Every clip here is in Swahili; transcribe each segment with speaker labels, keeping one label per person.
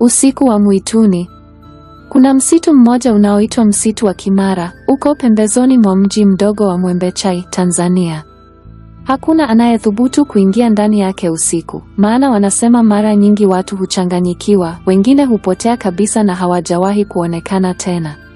Speaker 1: Usiku wa mwituni. Kuna msitu mmoja unaoitwa msitu wa Kimara, uko pembezoni mwa mji mdogo wa Mwembechai, Tanzania. Hakuna anayethubutu kuingia ndani yake usiku, maana wanasema mara nyingi watu huchanganyikiwa, wengine hupotea kabisa na hawajawahi kuonekana tena.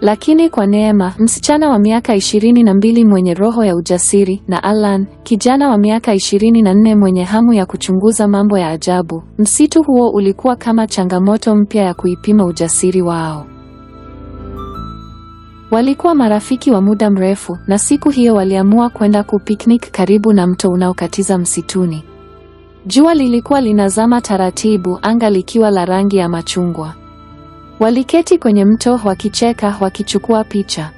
Speaker 1: Lakini kwa neema, msichana wa miaka ishirini na mbili mwenye roho ya ujasiri na Alan, kijana wa miaka ishirini na nne mwenye hamu ya kuchunguza mambo ya ajabu, msitu huo ulikuwa kama changamoto mpya ya kuipima ujasiri wao. Walikuwa marafiki wa muda mrefu na siku hiyo waliamua kwenda kupiknik karibu na mto unaokatiza msituni. Jua lilikuwa linazama taratibu, anga likiwa la rangi ya machungwa. Waliketi kwenye mto wakicheka, wakichukua picha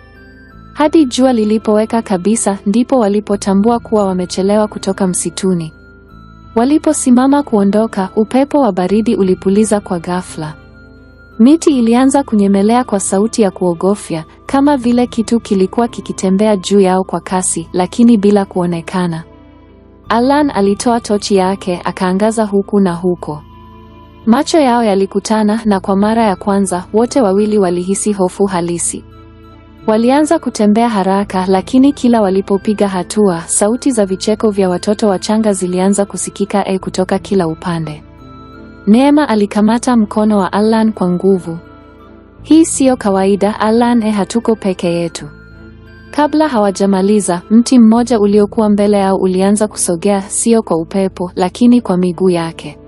Speaker 1: hadi jua lilipoweka kabisa, ndipo walipotambua kuwa wamechelewa kutoka msituni. Waliposimama kuondoka, upepo wa baridi ulipuliza kwa ghafla. Miti ilianza kunyemelea kwa sauti ya kuogofya, kama vile kitu kilikuwa kikitembea juu yao kwa kasi, lakini bila kuonekana. Alan alitoa tochi yake akaangaza huku na huko. Macho yao yalikutana na kwa mara ya kwanza wote wawili walihisi hofu halisi. Walianza kutembea haraka, lakini kila walipopiga hatua, sauti za vicheko vya watoto wachanga zilianza kusikika e, kutoka kila upande. Neema alikamata mkono wa alan kwa nguvu. Hii siyo kawaida alan e, eh, hatuko peke yetu. Kabla hawajamaliza, mti mmoja uliokuwa mbele yao ulianza kusogea, sio kwa upepo, lakini kwa miguu yake.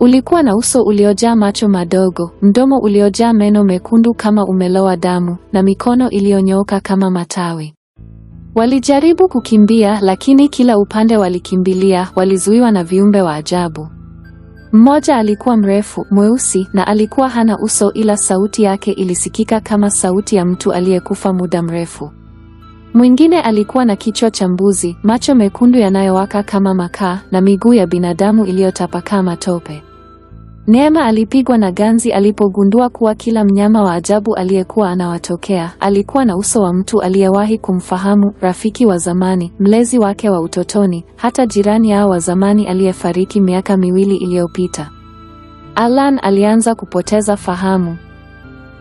Speaker 1: Ulikuwa na uso uliojaa macho madogo, mdomo uliojaa meno mekundu kama umelowa damu, na mikono iliyonyooka kama matawi. Walijaribu kukimbia, lakini kila upande walikimbilia, walizuiwa na viumbe wa ajabu. Mmoja alikuwa mrefu, mweusi, na alikuwa hana uso, ila sauti yake ilisikika kama sauti ya mtu aliyekufa muda mrefu. Mwingine alikuwa na kichwa cha mbuzi, macho mekundu yanayowaka kama makaa, na miguu ya binadamu iliyotapakaa matope. Neema alipigwa na ganzi alipogundua kuwa kila mnyama wa ajabu aliyekuwa anawatokea alikuwa na uso wa mtu aliyewahi kumfahamu, rafiki wa zamani, mlezi wake wa utotoni, hata jirani yao wa zamani aliyefariki miaka miwili iliyopita. alan alianza kupoteza fahamu.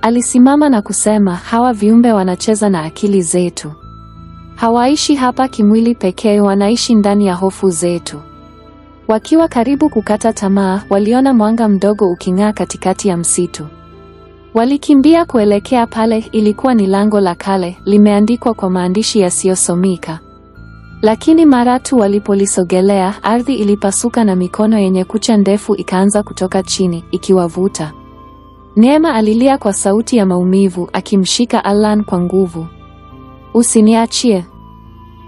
Speaker 1: Alisimama na kusema, hawa viumbe wanacheza na akili zetu. Hawaishi hapa kimwili pekee, wanaishi ndani ya hofu zetu. Wakiwa karibu kukata tamaa, waliona mwanga mdogo uking'aa katikati ya msitu. Walikimbia kuelekea pale. Ilikuwa ni lango la kale, limeandikwa kwa maandishi yasiyosomika. Lakini mara tu walipolisogelea, ardhi ilipasuka na mikono yenye kucha ndefu ikaanza kutoka chini ikiwavuta. Neema alilia kwa sauti ya maumivu, akimshika Allan kwa nguvu. Usiniachie,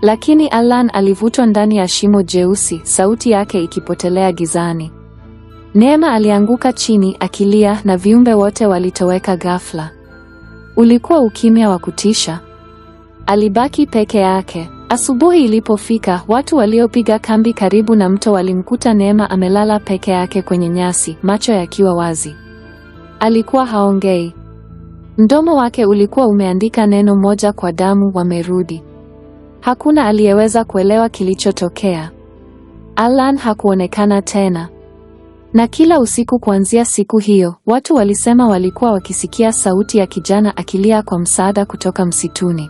Speaker 1: lakini alan alivutwa ndani ya shimo jeusi, sauti yake ikipotelea gizani. Neema alianguka chini akilia na viumbe wote walitoweka ghafla. Ulikuwa ukimya wa kutisha. Alibaki peke yake. Asubuhi ilipofika, watu waliopiga kambi karibu na mto walimkuta Neema amelala peke yake kwenye nyasi, macho yakiwa wazi. Alikuwa haongei. Mdomo wake ulikuwa umeandika neno moja kwa damu, wamerudi. Hakuna aliyeweza kuelewa kilichotokea. alan hakuonekana tena. Na kila usiku kuanzia siku hiyo, watu walisema walikuwa wakisikia sauti ya kijana akilia kwa msaada kutoka msituni.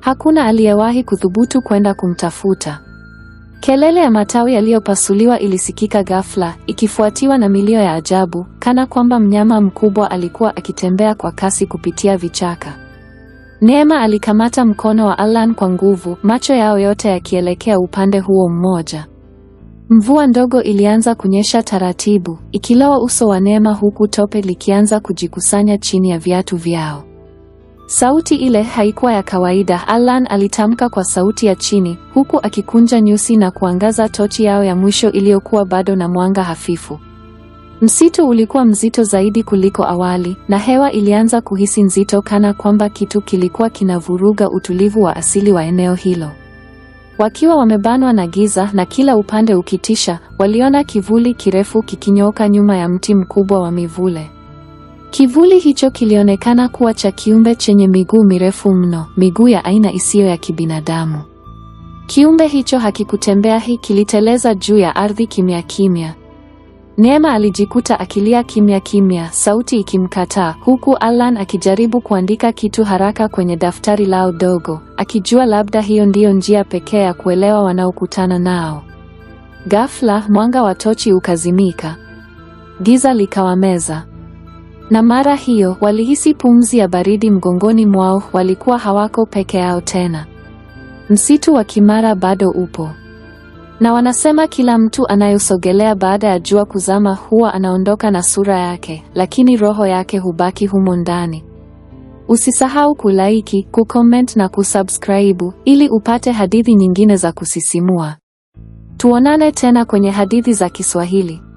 Speaker 1: Hakuna aliyewahi kuthubutu kwenda kumtafuta. Kelele ya matawi yaliyopasuliwa ilisikika ghafla, ikifuatiwa na milio ya ajabu, kana kwamba mnyama mkubwa alikuwa akitembea kwa kasi kupitia vichaka. Neema alikamata mkono wa alan kwa nguvu, macho yao yote yakielekea upande huo mmoja. Mvua ndogo ilianza kunyesha taratibu, ikilowa uso wa Neema huku tope likianza kujikusanya chini ya viatu vyao. Sauti ile haikuwa ya kawaida, alan alitamka kwa sauti ya chini, huku akikunja nyusi na kuangaza tochi yao ya mwisho iliyokuwa bado na mwanga hafifu. Msitu ulikuwa mzito zaidi kuliko awali, na hewa ilianza kuhisi nzito kana kwamba kitu kilikuwa kinavuruga utulivu wa asili wa eneo hilo. Wakiwa wamebanwa na giza na kila upande ukitisha, waliona kivuli kirefu kikinyoka nyuma ya mti mkubwa wa mivule. Kivuli hicho kilionekana kuwa cha kiumbe chenye miguu mirefu mno, miguu ya aina isiyo ya kibinadamu. Kiumbe hicho hakikutembea, hii kiliteleza juu ya ardhi kimya kimya, Neema alijikuta akilia kimya kimya, sauti ikimkataa, huku alan akijaribu kuandika kitu haraka kwenye daftari lao dogo, akijua labda hiyo ndiyo njia pekee ya kuelewa wanaokutana nao. Ghafla mwanga wa tochi ukazimika, giza likawameza, na mara hiyo walihisi pumzi ya baridi mgongoni mwao. Walikuwa hawako peke yao tena. Msitu wa Kimara bado upo. Na wanasema kila mtu anayesogelea baada ya jua kuzama huwa anaondoka na sura yake, lakini roho yake hubaki humo ndani. Usisahau kulaiki, kucomment na kusubscribe ili upate hadithi nyingine za kusisimua. Tuonane tena kwenye hadithi za Kiswahili.